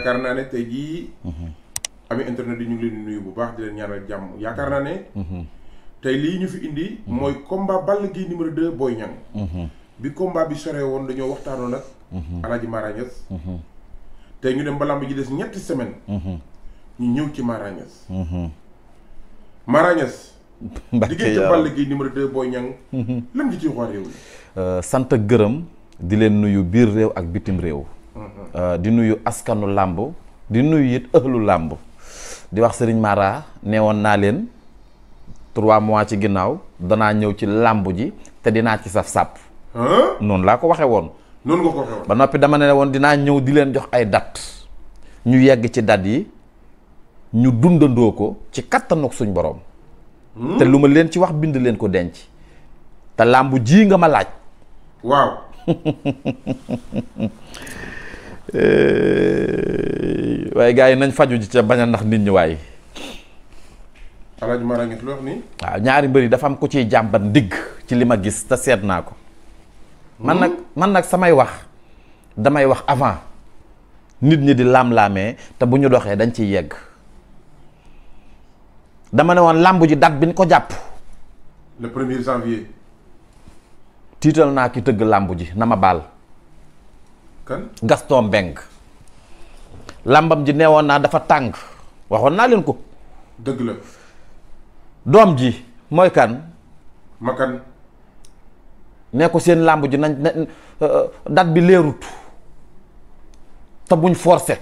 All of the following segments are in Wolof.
yaakaar naa ne tey jii. Mhm. ami internet yi ñu ngi leen nuyu bu baax di leen ñaanal jàmm yaakaar naa ne. Mhm. tey lii ñu fi indi. Mhm. mooy combat Balla Gaye numéro 2 Boy Niang. bi combat bi soree woon dañoo waxtaanoon ak. Alaaji Mara Niass. tey ñu dem ba lamb ji des ñetti semaine ñu ñëw ci Mara Niass. Mara Niass. diggante Balla Gaye numéro 2 Boy Niang. lan nga ciy xool réew mi. sant ak gërëm di leen nuyu biir réew ak bitim réew. Euh, di nuyu askanu làmb di nuyu it ëhlu làmb di wax sëriñ Mara nee naa leen trois mois ci ginnaaw danaa ñëw ci làmb ji te dinaa ci saf sàpp noonu laa ko waxe woon ba noppi dama ne woon dinaa ñëw di leen jox ay date ñu yegg ci date yi ñu dundandoo ko ci kattanuk suñ boroom hmm? te lu ma leen ci wax bind leen ko denc te làmb ji nga ma laaj waaw Euh, waaye gars yi nañ faju ji ca bañ a ndax nit ñi waaye. alaaj waaw ñaari mbër yi dafa am ku ciy jàmbat ndigg ci li ma gis te seet naa ko. man nag hmm? man nag samay wax damay wax avant nit ñi di laam-laamee te bu ñu doxee dañ ciy yegg dama ne woon làmb ji date bi ñu ko jàpp. le premier tiital naa ki tëgg làmb ji na ma baal. Gaston benk làmbam ji neewoon naa dafa tàng waxoon naa leen ko dëgg la doom ji mooy kan makan ne ko seen làmb ji nañ euh, euh, dat bi leerut te buñ forcé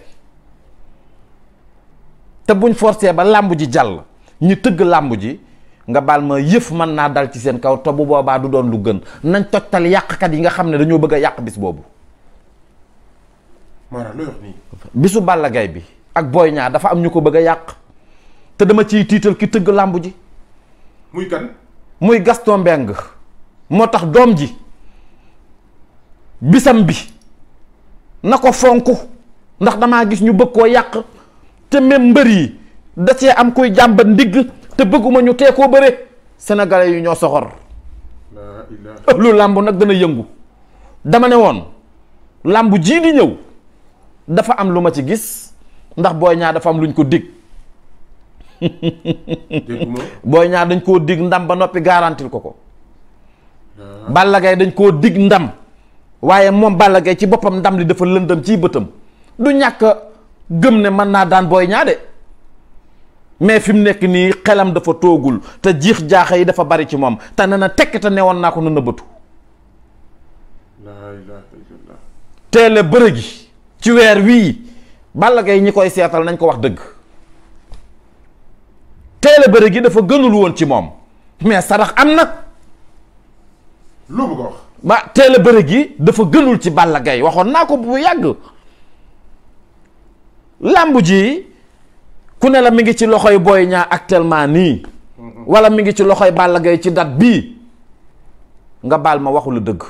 te buñ forcé ba làmb ji jàll ñi tëgg làmb ji nga baal ma yëf mën naa dal ci seen kaw te bu boobaa du doon lu gën nañ tojtal yàqkat yi nga xam ne dañoo bëgg a yàq bis boobu maanaam loo bisu Balla Gaye bi ak Boy Niang dafa am ñu ko bëgg a yàq te dama ciy tiital ki tëgg làmb ji. muy kan. muy Gaston mbeng moo tax doom ji bisam bi na ko fonk ndax damaa gis ñu bëgg koo yàq te même mbër yi da cee am koy jàmbat ndigg te bëgguma ñu tee koo bëre sénégalais yu ñoo soxor lu làmb nag dana yëngu dama ne woon làmb jii di ñëw dafa am lu ma ci gis ndax Boy Niang dafa am luñ ko digg Boy Niang dañ koo digg ndam ba noppi garantil ko ko ah. Balla Gaye dañ koo digg ndam waaye moom Balla Gaye ci boppam ndam li dafa lëndëm ciy bëtam du ñàkk gëm ne mën naa daan Boy Niang de mais fi mu nekk nii xelam dafa toogul te jiix jaaxa yi dafa bari ci moom te ne na tekk te newoon naa ko na nëbbatu teele bërë ci weer wii Balla Gaye ñi koy seetal nañ ko wax dëgg teel a gi dafa gënul woon ci moom mais sarax am na. lu bëgg wax. gi dafa gënul ci Balla Gaye waxoon naa ko bu yàgg làmb ji ku ne la mi ngi ci loxoy Boy ñaar actuellement nii. wala mi ngi ci loxoy Balla Gaye ci date bii nga baal ma waxu la dëgg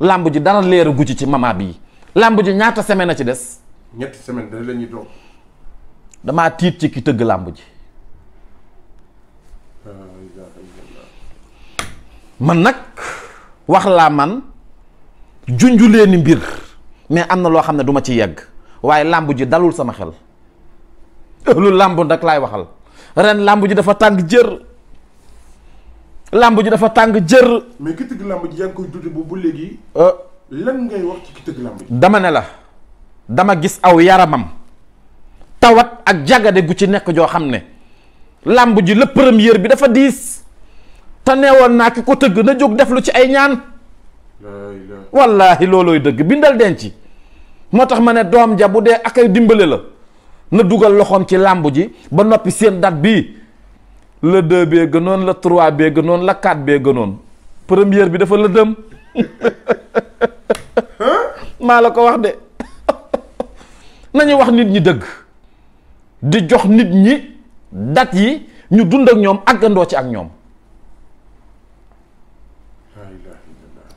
làmb ji dara leeragu ci ci mama bii. làmb ji ñaata semaine a ci des. ñetti semaine da la damaa tiit ci ki tëgg làmb ji. man nag wax laa man junjulee ni mbir mais am na loo xam ne du ci yegg waaye làmb ji dalul sama xel lu làmb nag laay waxal ren làmb ji dafa tàng jër làmb ji dafa tàng jër. mais ki léegi. Euh, lan ngay dama ne la dama gis aw yaramam tawat ak jagade gu ci nekk joo xam ne làmbu ji la première bi dafa diis te neewoon naa ki ko tëgg na jóg def lu ci ay ñaan wallaahi loolooy dëgg bindal denc moo tax ma ne doom ja bu dee ak ay dimbale la na dugal loxoom ci làmb ji ba noppi seen dat bii le deux bee gënoon la trois bee gënoon la quatre bee gënoon première bi dafa lëndëm maa la ko wax de nañu wax nit ñi dëgg di jox nit ñi dat yi ñu dund ak ñoom àggandoo ci ak ñoom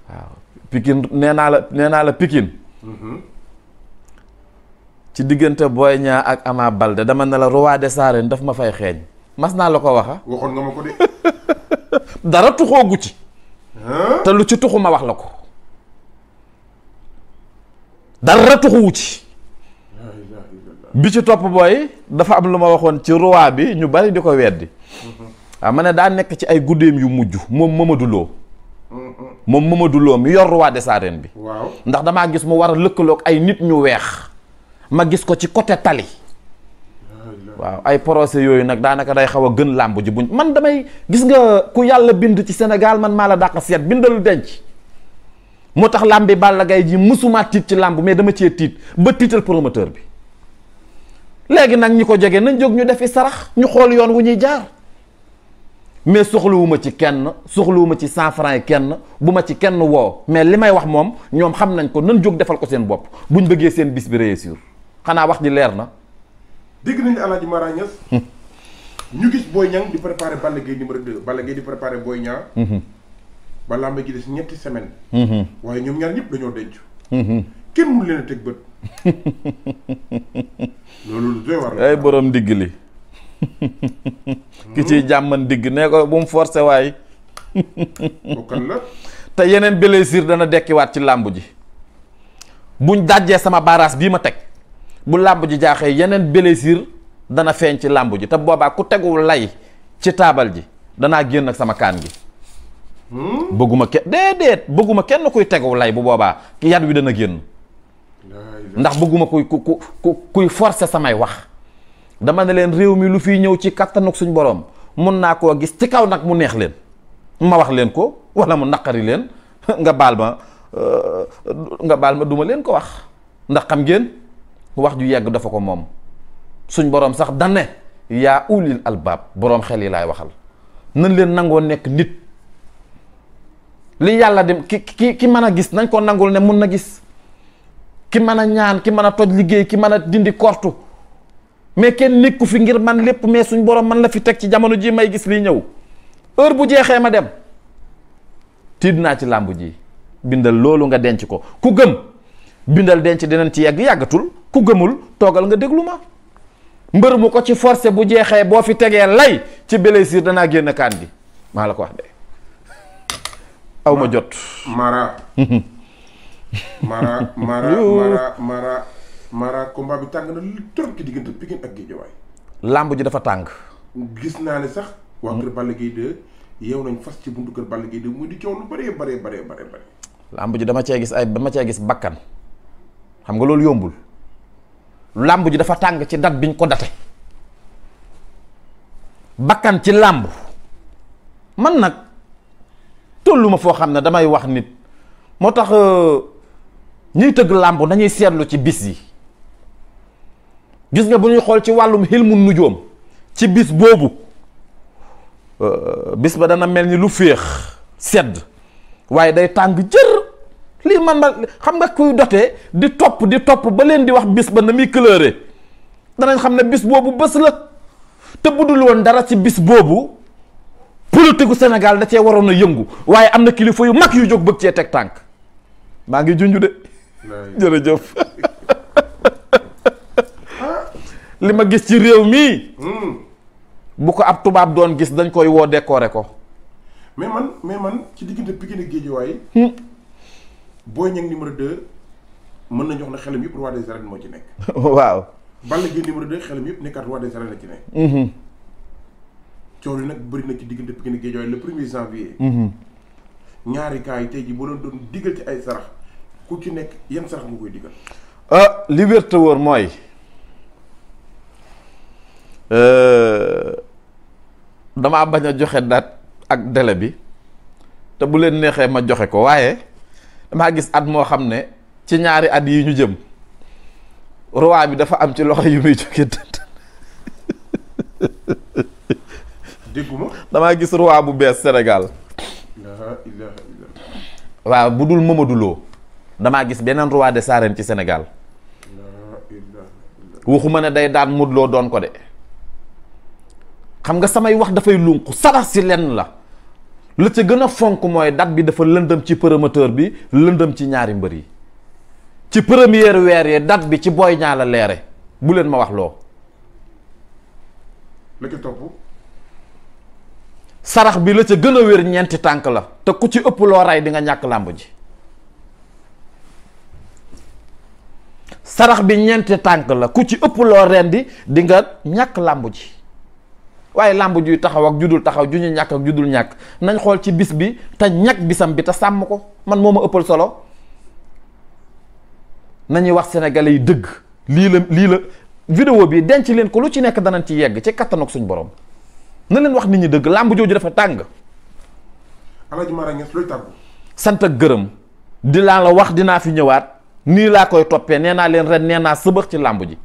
waaw Pikine nee naa la nee la Pikine mm-hmm. ci diggante Boy Niang ak Ama Balde dama ne la roi des arènes daf ma fay xeeñ mas naa la ko waxa ah? dara tuxoogu ci te lu ci tuxu ma wax la ko dara tuxuwu ci bi ci topp booy dafa am lu ma waxoon ci roi bi ñu bari di ko weddi waaw ma ne daa nekk ci ay guddeem yu mujj moom Mamadou Lo moom Mamadou Lo mi yor roi des arènes bi ndax damaa gis mu war a lëkkaloog ay nit ñu weex ma gis ko ci côté tali waaw ay procès yooyu nag daanaka day xaw a gën làmb ji buñ man damay gis nga ku yàlla bind ci senegal man maa la dàq seet bindalu denc moo tax làmbi Balla gay ji musuma tiit ci làmb mais dama cee tiit ba tiital promoteur bi léegi nag ñi ko jege nañ jóg ñu defi sarax ñu xool yoon wu ñuy jaar mais soxluwuma ci kenn soxluwuma ci cent franc yi kenn bu ma ci kenn woo mais li may wax moom ñoom xam nañ ko nan jóg defal ko seen bopp bu buñ bëggee seen bis bi réussir xanaa wax ji leer na. dégg nañu Alaaji Mara Niass ñu gis Boy Niang di préparer Balla Gaye numéro 2 Balla Gaye di préparer Boy Niang. ba làmb ji des ñetti semaine mm-hmm. waaye ñoom ñaar ñëpp dañoo denc. Mm-hmm. kenn mënu leen a teg bët. loolu borom digg li. ki ciy hmm? jàmman digg nee ko bu mu forcé waay. bokkal la. te yeneen blessure dana dekkiwaat ci làmb ji. buñ dàjjee sama baaraas bii ma teg. bu làmb ji jaaxee yeneen blessure dana feeñ ci làmb ji te boobaa ku teguwul lay ci taabal ji danaa génn ak sama kaan gi. bëgguma kenn bëgguma kenn kuy tegu lay bu boobaa yat wi dana génn ndax bëgguma kuy ku ku kuy forcer samay wax dama ne leen réew mi lu fiy ñëw ci kattanuk suñ borom mun naa koo gis ci kaw nag mu neex leen ma wax leen ko wala mu naqari leen nga baal ma euh, nga baal ma duma leen ko wax ndax xam ngeen wax ju yegg dafa ko moom suñ borom sax dane yaa ulil albaab boroom xel yi laay waxal nan leen nangoo nekk nit li yàlla dem ki ki ki mën a gis nañ ko nangul ne mun na gis ki mën a ñaan ki mën a toj liggéey ki mën a dindi kortu mais kenn nekku fi ngir man lépp mais suñ borom man la fi teg ci jamono ji may gis lii ñëw heure bu jeexee ma dem tiit naa ci làmb ji bindal loolu nga denc ko ku gëm bindal denc dinañ ci yàgg yàggatul ku gëmul toogal nga déglu ma mbër mu ko ci forcé bu jeexee boo fi tegee lay ci blessure danaa génn kaan gi maa la ko wax de aw ma jot. Mara. Mara Mara Mara Mara Mara combat làmb ji dafa tàng. gis naa ne sax. waa hmm. kër fas ci buntu kër ji dama cee gis ay dama cee gis bakkan xam nga loolu yombul làmb ji dafa tàng ci dat biñ ko date bakkan ci làmb man nag. tolluma foo xam ne damay wax nit moo tax euh, ñuy tëgg làmb nañuy seetlu ci bis yi gis nga bu ñuy xool ci wàllum xilmu nujoom ci bis boobu euh, bis ba dana mel ni lu féex sedd waaye day tàng jër lii man ma xam nga kuy dotee di topp di topp ba leen di wax bis ba na muy couleur danañ xam ne bis boobu bés la te budul woon dara ci bis boobu politique gu Sénégal da cee waroon a yëngu waaye am na kilifa yu mag yu jóg bëgg cee teg tànk maa ngi junj de. jërëjëf. li ma gis ci réew mii. Hmm. bu ko ab tubaab doon gis dañ koy woo décorer ko. mais man mais man ci diggante Pikine ak Guédiawaye. Hmm. Boy Niang numéro 2 mën nañu wax ne xelam yëpp roi des arènes moo ci nekk. waaw. Balla Gaye numéro 2 xelam yëpp nekkaat roi des arènes la ci nekk. Hmm. coow li nag bëri na ci diggante Pikine Guédiawaye le premier janvier. Mhm. ñaari gars yi tey jii boo leen doon ci ay sarax ku ci nekk yan sarax nga koy digal. ah li wér mooy euh, damaa bañ a joxe date ak dele bi te bu leen neexee ma joxe ko waaye damaa gis at moo xam ne ci ñaari at yi ñu jëm roi bi dafa am ci loxo yu muy jóge dégguma damaa gis ruwaa bu bees senegal waaw bu dul Mamadou Lo damaa gis beneen roi de arènes ci Sénégal. waxuma ne day daan Modou Lo doon ko de. xam nga samay wax dafay lunku sarax si lenn la. la ca gën a fonk mooy date bi dafa lëndëm ci promoteur bi lëndëm ci ñaari mbër yi. ci première weer yi dat bi ci booy Niang leere bu leen ma wax loo. la sarax bi la ca gën a wér ñeenti tànk la te ku ci ëpp loo ñàkk làmb ji sarax bi ñeenti tànk la ku ci ëpp loo rendi di nga ñàkk làmb ji waaye làmb juy taxaw ak ju judul taxaw ju ñu ñàkk ak judul ñàkk nañ xool ci bis bi te ñàkk bisam bi te sàmm ko man moo ma ëppal solo nañuy wax senegal yi dëgg lii la lii la vidéo bi denc leen ko lu ci nekk danañ ci yegg ci kattanuk suñ borom na leen wax nit ñi dëgg làmb jooju dafa tàng. Alaaji sant ak gërëm di laa la wax dinaa fi ñëwaat nii laa koy toppee nee naa leen ren nee naa sëbëx ci làmb ji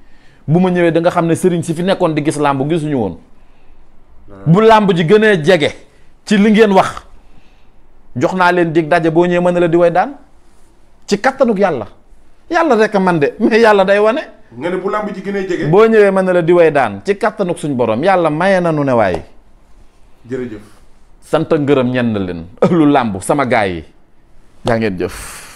bu ma ñëwee da nga xam ne sëriñ si fi nekkoon di gis làmb gisuñu woon. Hmm. bu làmb ji gënee jege ci li ngeen wax jox naa leen di daje boo ñëwee mën na la di way daan ci kattanuk yàlla yàlla rek a man de mais yàlla day wane. nga ne bu lamb ji gënee jege. boo ñëwee mën na la di way daan ci kattanuk suñ borom yàlla maye na nu ne waay. jërëjëf. sant ngërëm na leen ëllu làmb sama gaay yi. yaa ngeen jëf.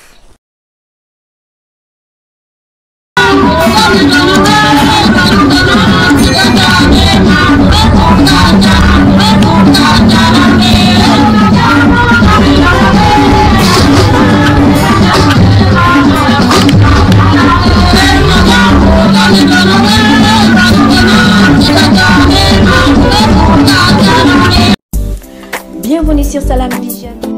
sur Salam Vision.